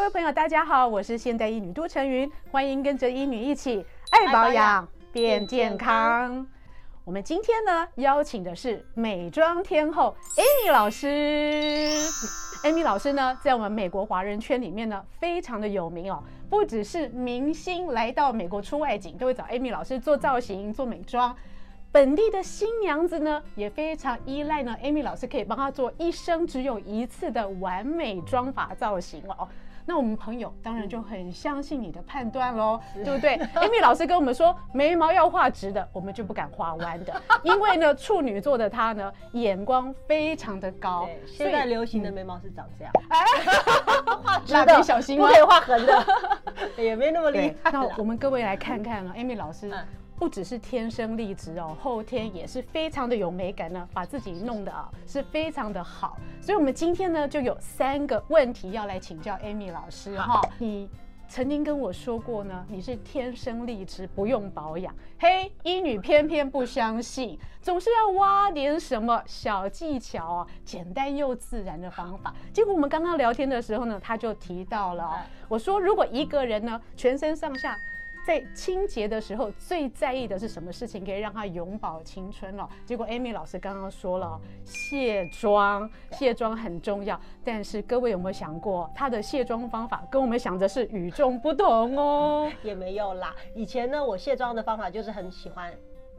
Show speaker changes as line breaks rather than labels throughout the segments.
各位朋友，大家好，我是現代醫女杜丞蕓，歡迎跟着醫女一起愛保養變健康。健康我們今天呢，邀請的是美妝天後 Amy 老師。Amy 老師呢，在我們美國華人圈裡面呢，非常的有名哦。不只是明星來到美國出外景，都會找 Amy 老師做造型、做美妝。本地的新娘子呢，也非常依賴呢 Amy 老師，可以幫她做一生只有一次的完美妝髮造型哦。那我們朋友當然就很相信你的判斷嘍，嗯、對不對？Amy 老師跟我們說眉毛要畫直的，我們就不敢畫彎的，因為呢處女座的她呢眼光非常的高。對以現在流行的眉毛是長這樣，
哎、嗯，啊、畫直的小心不可以畫橫的，
也沒那麼厲害。那我們各位來看看啊，Amy、嗯、老師。嗯不只是天生麗質哦，後天也是非常的有美感呢，把自己弄得啊是非常的好。所以，我們今天呢就有三個問題要來請教 Amy 老師哈、哦。好你曾經跟我說過呢，你是天生麗質，不用保養。嘿，醫女偏偏不相信，總是要挖點什麼小技巧啊、哦，簡單又自然的方法。結果我們剛剛聊天的時候呢，她就提到了、哦，我說如果一個人呢全身上下。在清潔的時候，最在意的是什麼事情可以讓她永葆青春了、喔？結果 Amy 老師剛剛說了、喔，卸妝，卸妝很重要。但是各位有沒有想過，她的卸妝方法跟我們想的是與眾不同哦、喔嗯？也沒有
啦，以前呢，我卸妝的方法就是很喜歡。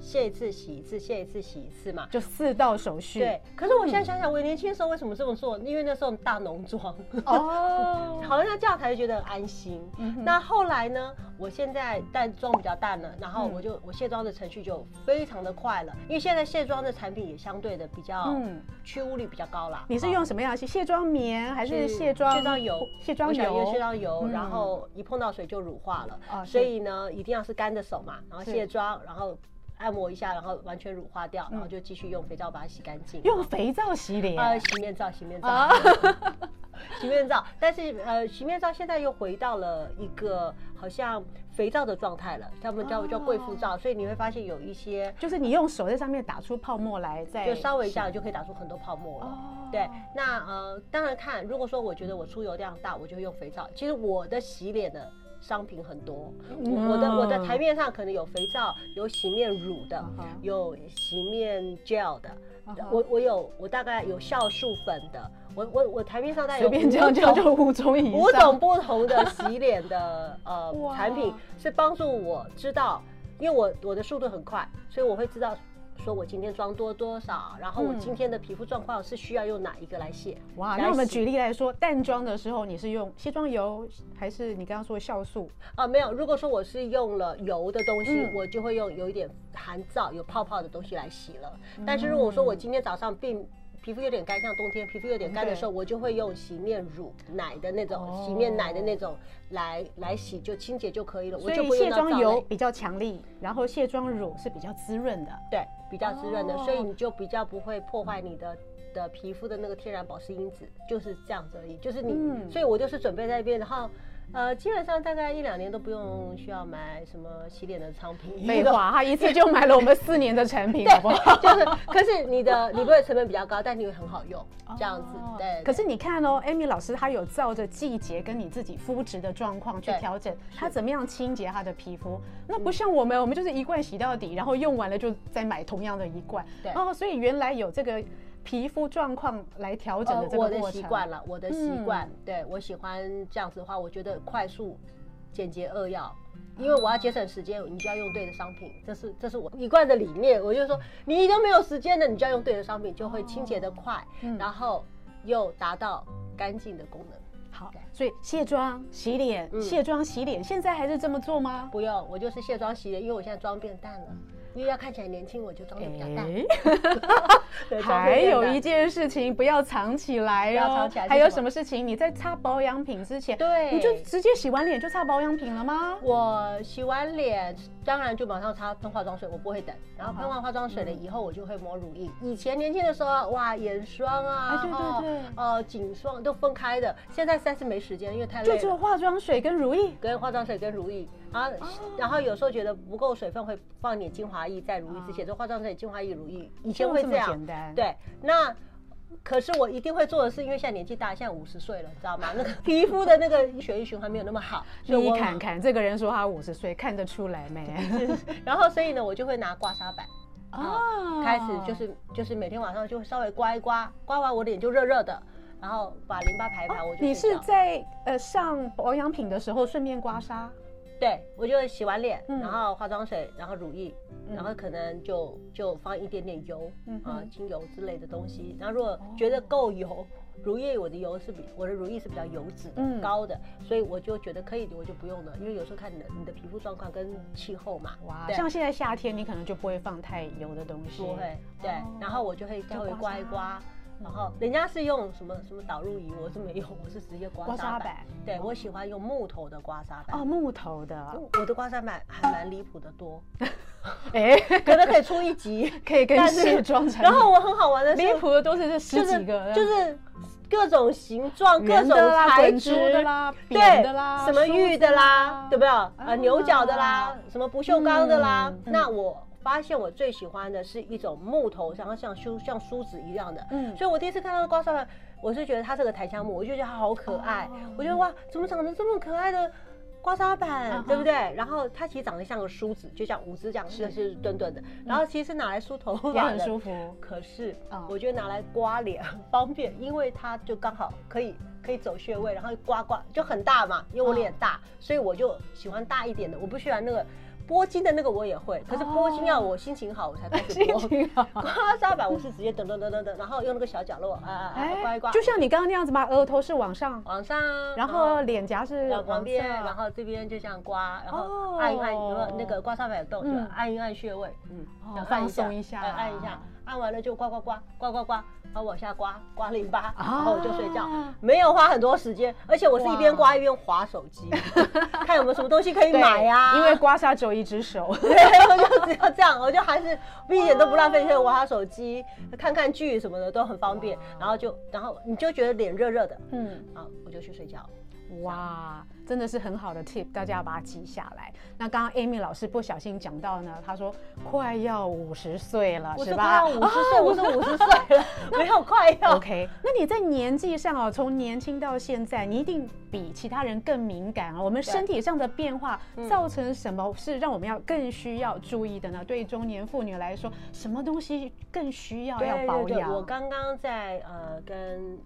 卸一次洗一次，卸一次洗一次嘛，就四道手續。對，可是我現在想想，我年輕的時候為什麼這麼做？因為那時候大濃妝哦，好像這樣才覺得安心。那後來呢？我現在淡妝比較淡了，然後我就我卸妝的程序就非常的快了，因為現在卸妝的產品也相對的比較，嗯，去污率比較高啦。你是
用什麼樣的卸卸妝棉，還是卸妝卸妝油？卸妝油，卸妝油，然後
一碰到水就乳化了，所以呢，一定要是乾的手嘛，然後卸妝，然後。按摩一下，然後完全乳化掉，嗯、然後就繼續用肥皂把它洗乾淨。用肥皂洗臉？洗面皂，洗面皂，洗面皂。但是呃，洗面皂、呃、現在又回到了一個好像肥皂的狀態了，他們叫、哦、叫貴婦皂，所以你會發現有一些，
就是你用手在上面打出泡沫來再，再就稍微一下
就可以打出很多泡沫了。哦、對，那呃，當然看，如果說我覺得我出油量大，我就會用肥皂。其實我的洗臉的商品很多，我我的我的台面上可能有肥皂，有洗面乳的，uh huh. 有洗面 gel 的，uh huh. 我我有我大概有酵素粉的，我我我台面上大概有五種，叫叫叫五
種以上五種不
同的洗臉的 呃 Wow. 產品是幫助我知道，因為我我的速度很快，所以我會知道。說我今天妝多多少，然後我今天的皮膚狀況是需要用哪一個來卸？嗯、
來洗？哇，那我們舉例來說，淡妝的時候你是用卸妝油還是你剛剛說的酵素？
啊，沒有。如果說我是用了油的東西，嗯、我就會用有一點含皂、有泡泡的東西來洗了。但是如果說我今天早上並皮膚有點乾，像冬天皮膚有點乾的時候，對我就會用洗面乳奶的那種、oh. 洗面奶的那種來來洗，就清潔就可以了。所以卸妝油
比較強力，然後卸妝乳是比較滋潤的，對，比較滋潤的，oh. 所以你
就比較不會破壞你的的皮膚的那個天然保濕因子，就是這樣子而已。就是你，嗯、所以我就是準備在一邊，然後。呃，基本上大概一兩年都不用需要買什麼洗臉的產品。美華、嗯、他一次就買了我們
四年的產品，好 對不好？ 就是，可是你的，你不會成本比較高，但是你會很好用，哦、這樣
子對。可
是你看哦，艾米、嗯、老師她有照着季節跟你自己膚質的狀況去調整，她怎麼樣清潔她的皮膚？那不像我們，我們就是一罐洗到底，然後用完了就再買同樣的一罐。後對、哦、所以原來有這個。皮膚狀況來調整的這個過程、呃、我的習慣了，我的習慣，嗯、
對我喜歡這樣子的話，我覺得快速、簡潔、扼要，因為我要節省時間，你就要用對的商品，這是這是我一貫的理念。我就說，你都沒有時間的，你就要用對的商品，就會清潔的快，哦嗯、然後又達到乾淨的功能。好，
對所以卸妝洗臉，嗯、卸妝洗臉，現在還是這麼做嗎？不
用，我就是卸妝洗臉，因為我現在妝變淡了。因為要看起來年輕，我就裝得比
較淡。還有一件事情，不要藏起來、哦、不要藏起來還有什麼事情？你在擦保養品之前，對，你就直接洗完臉就擦保養品了嗎？我洗
完臉，當然就馬上擦噴化妝水，我不會等。然後噴完化妝水了好以後，我就會抹乳液。嗯、以前年輕的時候，哇，眼霜啊，哎、對對對，哦，頸霜都分開的。現在實在沒時間，因為太累。就只有化妝水跟乳液，跟化妝水跟乳液。啊、然後有時候覺得不夠水分，會放點精華液再乳一次，之前、哦、化妝水、精華液、乳液。以前會這樣，這樣這麼簡單，對。那可是我一定會做的是，因為現在年紀大，現在五十歲了，知道嗎？ 那個皮膚的那個血液循環沒有那麼好。你看看這個人說他五十歲，看得出
來沒？
然後所以呢，我就會拿刮痧板啊，哦、開始就是就是每天晚上就稍微刮一刮，刮完我的臉就熱熱的，然後把淋巴排一排。我就、哦、你是在
呃上保養品的時候順便刮痧。
對，我就洗完臉，嗯、然後化妝水，然後乳液，嗯、然後可能就就放一點點油，嗯、哼啊，精油之類的東西。然後如果覺得夠油，哦、乳液我的油是比我的乳液是比較油脂的，嗯、高的，所以我就覺得可以，我就不用了。因為有時候看你的你的皮膚狀況跟氣候嘛，哇，對像現
在夏天你可能就不會放太油的東西，不會。
對，哦、然後我就會稍微刮一刮，一刮。然後人家是用什麼什麼導入儀，我是沒有，我是直接刮痧板。對，我喜歡用木頭的刮痧板。哦，木頭的，我的刮痧板還蠻離譜的多。哎，可能可以出一集，可以跟卸妝。然後我很好玩的是，離譜的東西是十幾個，就是各種形狀、各種材質的啦，對，什麼玉的啦，對不對？啊，牛角的啦，什麼不銹鋼的啦，那我。發現我最喜歡的是一種木頭，然後像梳像，像梳子一樣的，嗯，所以我第一次看到的刮痧板，我是覺得它是個檀香木，我就覺得它好可愛，哦、我覺得哇，怎麼長得這麼可愛的刮痧板，啊、哈對不對？然後它其實長得像個梳子，就像五只這樣，是是墩墩的。然後其實是拿來梳頭也很舒服，嗯、可是我覺得拿來刮臉很方便，哦、因為它就剛好可以可以走穴位，然後刮刮就很大嘛，因為我臉大，哦、所以我就喜歡大一點的，我不喜歡那個。撥筋的那個我也會，可是，撥筋要我心情好我才開始撥。心情好。刮痧板我是直接噔噔噔噔噔，然後用那個小角落啊啊，刮一刮。就像你
剛剛那樣子嘛，額頭是往上，往上，然後臉頰是往旁邊，然
後這邊就像刮，然後按一按，你說那個刮痧板有動作，按一按穴位，嗯，放鬆一下，按一下。按完了就刮刮刮刮刮刮，然後往下刮刮淋巴，然後我就睡覺，啊、沒有花很多時間，而且我是一邊刮一邊划手機，哇看有沒有什麼東西可以買呀、啊。因為
刮痧只有一隻手，
對，我就只要這樣，我就還是一點都不浪費，就是玩手機、看看劇什麼的都很方便，哇然後就然後你就覺得臉熱熱的，嗯，啊，我就去睡覺。.
哇，真的是很好的 tip，大家要把它記下來。嗯、那剛剛 Amy 老師不小心講到呢，她說快要五十歲了，我是，快要五十歲是吧？五十歲，歲了我是五十歲， 那沒有快要。OK，那你在年紀上哦，從年輕到現在，你一定比其他人更敏感啊、哦。我們身體上的變化造成什麼，是讓我們要更需要注意的呢？對，嗯、對中年婦女來說，什麼東西更需要對要保養對對對？我
剛剛在呃跟。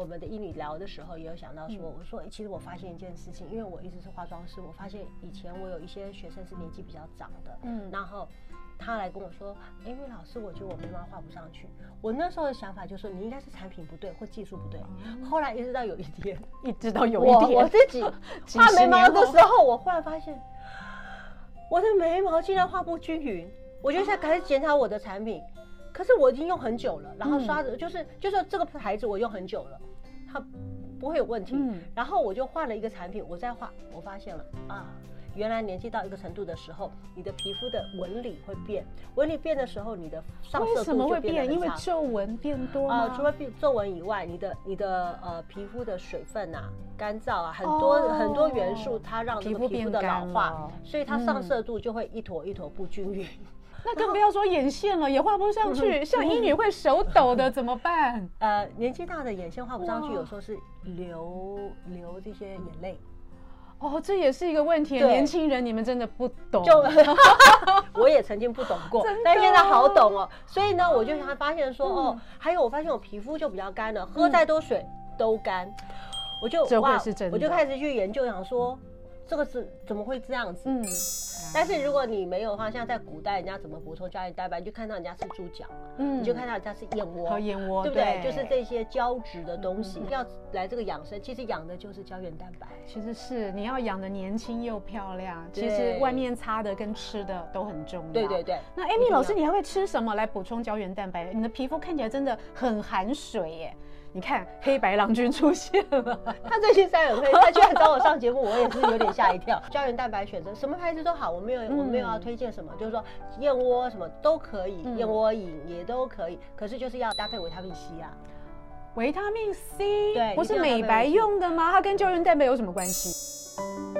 我們的醫女聊的時候也有想到說，嗯、我說其實我發現一件事情，因為我一直是化妝師，我發現以前我有一些學生是年紀比較長的，嗯，然後他來跟我說，因為老師，我覺得我眉毛畫不上去。我那時候的想法就是說，你應該是產品不對或技術不對。嗯、後來一直到有一天，一直到有一天，我，我自己畫眉毛的時候，我忽然發現我的眉毛竟然畫不均勻，我就現在開始檢查我的產品。嗯可是我已經用很久了，然後刷子、嗯、就是就是這個牌子我用很久了，它不會有問題。嗯、然後我就換了一個產品，我再畫，我發現了啊，原來年紀到一個程度的時候，你的皮膚的紋理會變，紋理變的時候，你的上色度就變差。為什麼會變？因為皺
紋變多了，啊、呃，除
了皺紋以外，你的你的呃皮膚的水分啊、乾燥啊，很多、哦、很多元素它讓這個皮膚的老化，所以它上色度就會一坨一坨不均勻。嗯那更不要說眼線了，也畫不上去。像醫女會
手抖的，怎麼辦？呃，年紀大的眼線畫不上去，有時候
是流流這些眼淚。
哦，這也是一個問題。年輕人，你們真的不
懂。就，我也曾經不懂過，但現在好懂哦。所以呢，我就發現說，哦，還有，我發現我皮膚就比較乾了，喝再多水都乾。我就這會是真的，我就開始去研究，想說這個是怎麼會這樣子？嗯。但是如果你沒有的話，像在古代人家怎麼補充膠原蛋白？你就看到人家吃豬腳，嗯，你就看到人家是燕
窩，喝燕窩，對不對？對，就是這
些膠質的東西、嗯、要來這個養生，其
實養的就是膠原蛋白。其實是你要養的年輕又漂亮，對其實外面擦的跟吃的都很重要。對對對。那 Amy 老師，你還會吃什麼來補充膠原蛋白？你的皮膚看起來真的很含水耶。你看黑白郎君出現了， 他最近三有黑，他居然找我上節目， 我也是有點嚇一跳。膠原 蛋白選擇什麼牌子都
好，我沒有、嗯、我沒有要推薦什麼，就是說燕窩什麼都可以，嗯、燕窩飲也都可以，可是就是要搭配維他命 C 啊。
維他命 C，對，不是美白用的嗎？它跟膠原蛋白有什麼關係？